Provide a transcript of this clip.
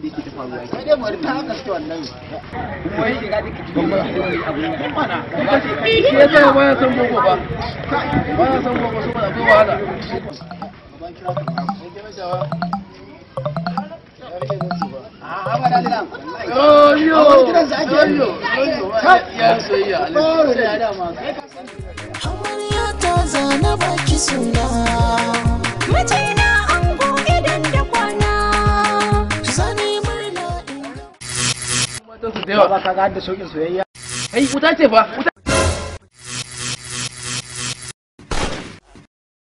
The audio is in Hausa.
Hawan ya ta zana baki suna ɗinsu da yawa. Ba ka ga da sauƙin soyayya. Kai wuta ce ba.